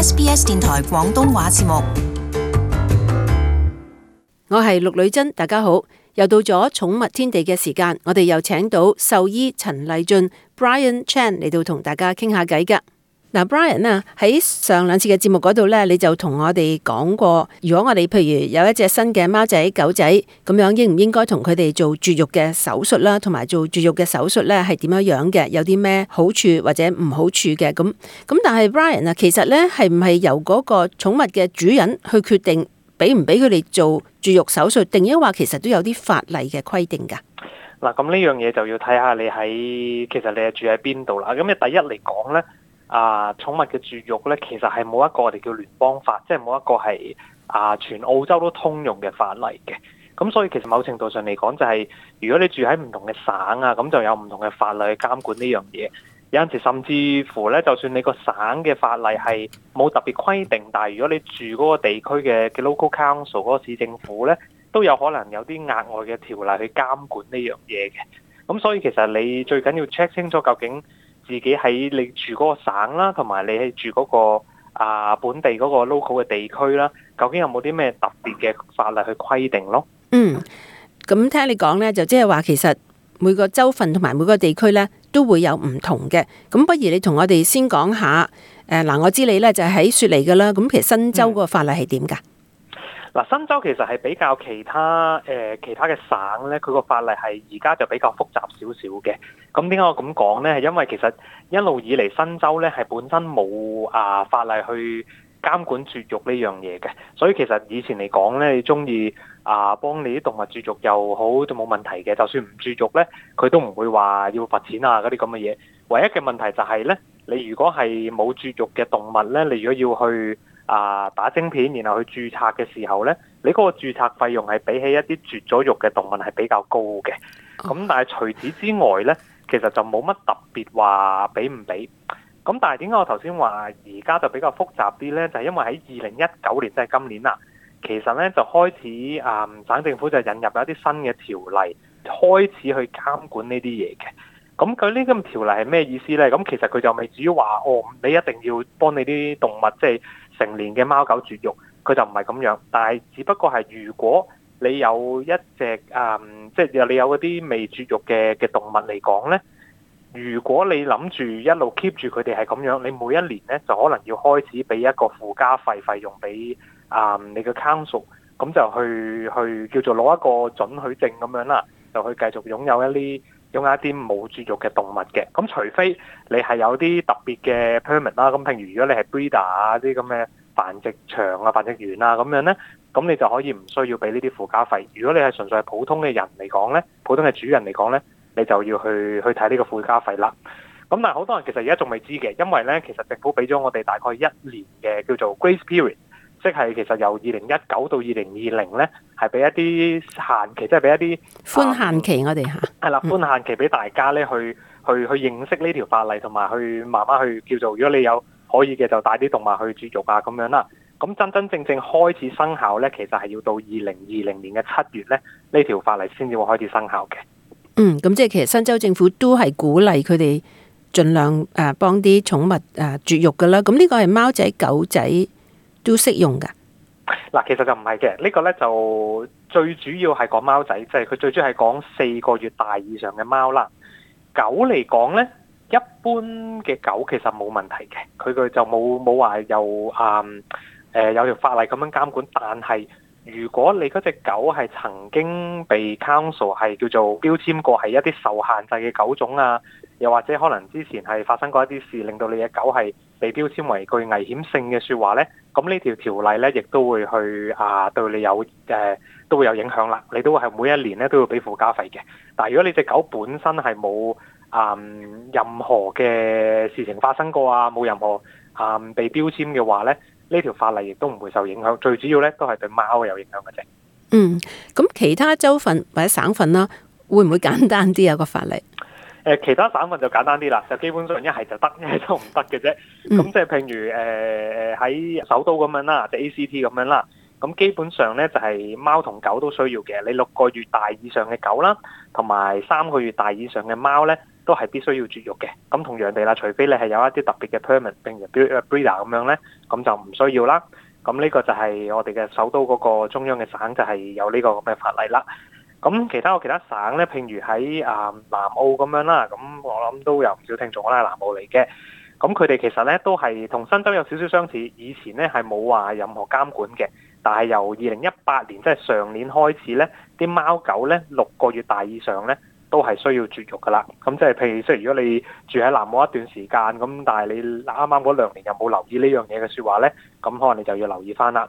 SBS 電台廣東話節目，我係陸女珍。大家好，又到咗寵物天地嘅時間，我哋又請到獸醫陳勵進 Brian Chan 嚟到同大家傾下偈噶。嗱，Brian 啊，喺上兩次嘅節目嗰度呢，你就同我哋講過，如果我哋譬如有一隻新嘅貓仔、狗仔咁樣應應，應唔應該同佢哋做絕育嘅手術啦，同埋做絕育嘅手術呢係點樣樣嘅？有啲咩好處或者唔好處嘅？咁咁，但係 Brian 啊，其實呢，係唔係由嗰個寵物嘅主人去決定，俾唔俾佢哋做絕育手術？定抑或其實都有啲法例嘅規定噶？嗱，咁呢樣嘢就要睇下你喺其實你係住喺邊度啦。咁你第一嚟講呢。啊，寵物嘅絕育呢，其實係冇一個我哋叫聯邦法，即係冇一個係啊，全澳洲都通用嘅法例嘅。咁所以其實某程度上嚟講，就係，就係如果你住喺唔同嘅省啊，咁就有唔同嘅法例去監管呢樣嘢。有陣時甚至乎呢，就算你個省嘅法例係冇特別規定，但係如果你住嗰個地區嘅 local council 嗰個市政府呢，都有可能有啲額外嘅條例去監管呢樣嘢嘅。咁所以其實你最緊要 check 清楚究竟。自己喺你住嗰個省啦，同埋你喺住嗰個啊本地嗰個 local 嘅地區啦，究竟有冇啲咩特別嘅法例去規定咯？嗯，咁聽你講呢，就即係話其實每個州份同埋每個地區呢，都會有唔同嘅。咁不如你同我哋先講下，誒、呃、嗱，我知你呢就喺、是、雪梨噶啦。咁其實新州嗰個法例係點噶？嗯。嗱，新州其實係比較其他誒、呃、其他嘅省呢，佢個法例係而家就比較複雜少少嘅。咁點解我咁講呢？係因為其實一路以嚟新州呢係本身冇啊法例去監管絕育呢樣嘢嘅，所以其實以前嚟講呢，你中意啊幫你啲動物絕育又好，都冇問題嘅。就算唔絕育呢，佢都唔會話要罰錢啊嗰啲咁嘅嘢。唯一嘅問題就係呢：你如果係冇絕育嘅動物呢，你如果要去。啊！打晶片，然後去註冊嘅時候呢，你嗰個註冊費用係比起一啲絕咗育嘅動物係比較高嘅。咁但係除此之外呢，其實就冇乜特別話俾唔俾。咁但係點解我頭先話而家就比較複雜啲呢？就係、是、因為喺二零一九年，即、就、係、是、今年啦，其實呢，就開始啊、呃，省政府就引入一啲新嘅條例，開始去監管呢啲嘢嘅。咁佢呢咁條例係咩意思呢？咁其實佢就咪至於話哦，你一定要幫你啲動物即係。成年嘅貓狗絕育，佢就唔係咁樣，但係只不過係如果你有一隻啊、即、嗯、係、就是、你有嗰啲未絕育嘅嘅動物嚟講呢。如果你諗住一路 keep 住佢哋係咁樣，你每一年呢，就可能要開始俾一個附加費費用俾啊、嗯、你嘅 counsel，咁就去去叫做攞一個准許證咁樣啦，就去繼續擁有一啲。用一啲冇絕育嘅動物嘅，咁除非你係有啲特別嘅 permit 啦，咁譬如如果你係 breeder 啊啲咁嘅繁殖場啊繁殖園啊咁樣呢，咁你就可以唔需要俾呢啲附加費。如果你係純粹係普通嘅人嚟講呢，普通嘅主人嚟講呢，你就要去去睇呢個附加費啦。咁但係好多人其實而家仲未知嘅，因為呢其實政府俾咗我哋大概一年嘅叫做 grace period。即係其實由二零一九到二零二零咧，係俾一啲限期，即係俾一啲寬限期我，我哋吓係啦，寬限期俾大家咧去去去認識呢條法例，同埋去慢慢去叫做，如果你有可以嘅，就帶啲動物去絕育啊，咁樣啦。咁真真正正開始生效咧，其實係要到二零二零年嘅七月咧，呢條法例先至會開始生效嘅。嗯，咁即係其實新州政府都係鼓勵佢哋盡量誒幫啲寵物誒絕育噶啦。咁呢個係貓仔狗仔。都適用㗎嗱，其實就唔係嘅，呢個呢，就最主要係講貓仔，即係佢最主要係講四個月大以上嘅貓啦。狗嚟講呢，一般嘅狗其實冇問題嘅，佢佢就冇冇話又有條法例咁樣監管。但係如果你嗰隻狗係曾經被 council 係叫做標籤過，係一啲受限制嘅狗種啊，又或者可能之前係發生過一啲事，令到你嘅狗係被標籤為具危險性嘅説話呢，咁呢條條例呢，亦都會去啊對你有誒、啊、都會有影響啦。你都係每一年咧都要俾附加費嘅。但係如果你隻狗本身係冇啊任何嘅事情發生過啊，冇任何啊被標籤嘅話呢，呢條法例亦都唔會受影響。最主要呢，都係對貓有影響嘅啫。嗯，咁其他州份或者省份啦，會唔會簡單啲有、啊個法例？誒，其他省份就簡單啲啦，就基本上一係就得，一係都唔得嘅啫。咁即係譬如誒喺、呃、首都咁樣啦，即係 ACT 咁樣啦，咁基本上咧就係、是、貓同狗都需要嘅。你六個月大以上嘅狗啦，同埋三個月大以上嘅貓咧，都係必須要絕育嘅。咁同樣地啦，除非你係有一啲特別嘅 permits，譬如 breeder 咁樣咧，咁就唔需要啦。咁呢個就係我哋嘅首都嗰個中央嘅省就係、是、有呢個咁嘅法例啦。咁其他個其他省呢，譬如喺啊、呃、南澳咁樣啦，咁我諗都有唔少聽眾都係南澳嚟嘅。咁佢哋其實呢，都係同新州有少少相似，以前呢，係冇話任何監管嘅，但係由二零一八年即係上年開始呢，啲貓狗呢，六個月大以上呢，都係需要絕育噶啦。咁即係譬如，雖然如果你住喺南澳一段時間，咁但係你啱啱嗰兩年又冇留意呢樣嘢嘅説話呢，咁可能你就要留意翻啦。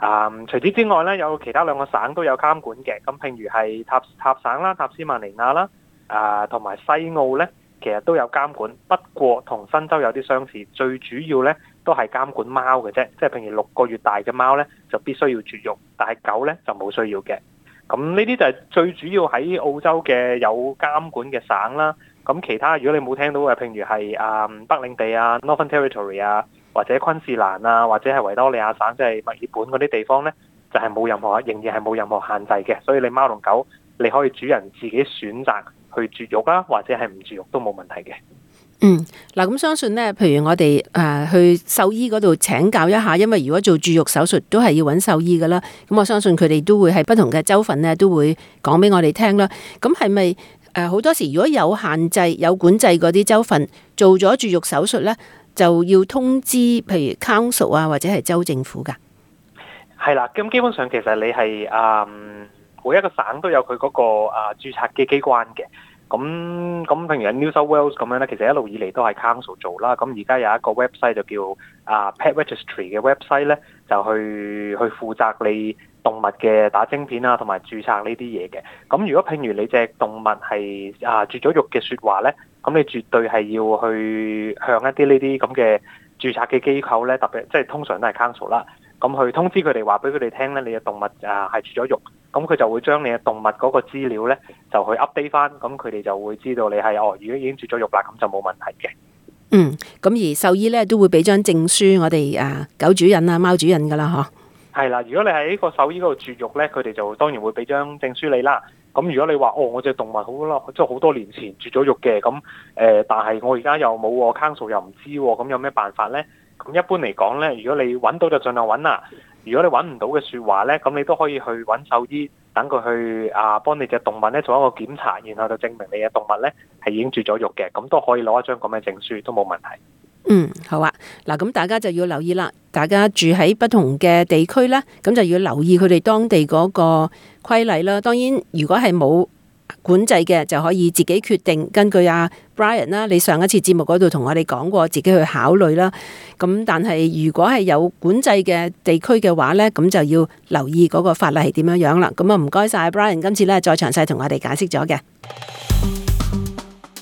啊、嗯！除此之外咧，有其他兩個省都有監管嘅，咁譬如係塔塔省啦、塔斯曼尼亞啦，啊同埋西澳咧，其實都有監管，不過同新州有啲相似，最主要咧都係監管貓嘅啫，即係譬如六個月大嘅貓咧就必須要絕育，但係狗咧就冇需要嘅。咁呢啲就係最主要喺澳洲嘅有監管嘅省啦。咁其他如果你冇聽到嘅，譬如係啊、嗯、北領地啊 （Northern Territory） 啊。或者昆士蘭啊，或者係維多利亞省，即係墨爾本嗰啲地方呢，就係、是、冇任何，仍然係冇任何限制嘅。所以你貓同狗，你可以主人自己選擇去絕育啦，或者係唔絕育都冇問題嘅。嗯，嗱，咁相信呢，譬如我哋誒、呃、去獸醫嗰度請教一下，因為如果做絕育手術都係要揾獸醫噶啦。咁我相信佢哋都會喺不同嘅州份呢，都會講俾我哋聽啦。咁係咪誒好多時如果有限制、有管制嗰啲州份做咗絕育手術呢？就要通知，譬如 Council 啊，或者係州政府噶，係啦。咁基本上其實你係誒、嗯、每一個省都有佢嗰個註冊嘅機關嘅。咁咁譬如喺 New South Wales 咁樣咧，其實一路以嚟都係 Council 做啦。咁而家有一個 website 就叫啊 Pet Registry 嘅 website 咧，就去去負責你動物嘅打晶片啊，同埋註冊呢啲嘢嘅。咁如果譬如你隻動物係啊絕咗育嘅說話咧？咁你絕對係要去向一啲呢啲咁嘅註冊嘅機構咧，特別即係通常都係 council 啦。咁去通知佢哋話俾佢哋聽咧，你嘅動物啊係絕咗育，咁佢就會將你嘅動物嗰個資料咧就去 update 翻，咁佢哋就會知道你係哦，如果已經絕咗育啦，咁就冇問題嘅。嗯，咁而獸醫咧都會俾張證書我哋啊狗主人啊貓主人噶啦，嗬、啊。係啦，如果你喺個獸醫嗰度絕育咧，佢哋就當然會俾張證書你啦。咁如果你話哦，我隻動物好耐，即係好多年前絕咗育嘅，咁誒、呃，但係我而家又冇 account number，又唔知喎，咁有咩辦法呢？咁一般嚟講呢，如果你揾到就盡量揾啦。如果你揾唔到嘅説話呢，咁你都可以去揾獸醫，等佢去啊幫你隻動物呢做一個檢查，然後就證明你嘅動物呢係已經絕咗育嘅，咁都可以攞一張咁嘅證書，都冇問題。嗯，好啊，嗱，咁大家就要留意啦。大家住喺不同嘅地區呢，咁就要留意佢哋當地嗰個規例啦。當然，如果係冇管制嘅，就可以自己決定，根據啊 Brian 啦，你上一次節目嗰度同我哋講過，自己去考慮啦。咁但係如果係有管制嘅地區嘅話呢，咁就要留意嗰個法例係點樣樣啦。咁啊，唔該晒 Brian，今次呢，再詳細同我哋解釋咗嘅。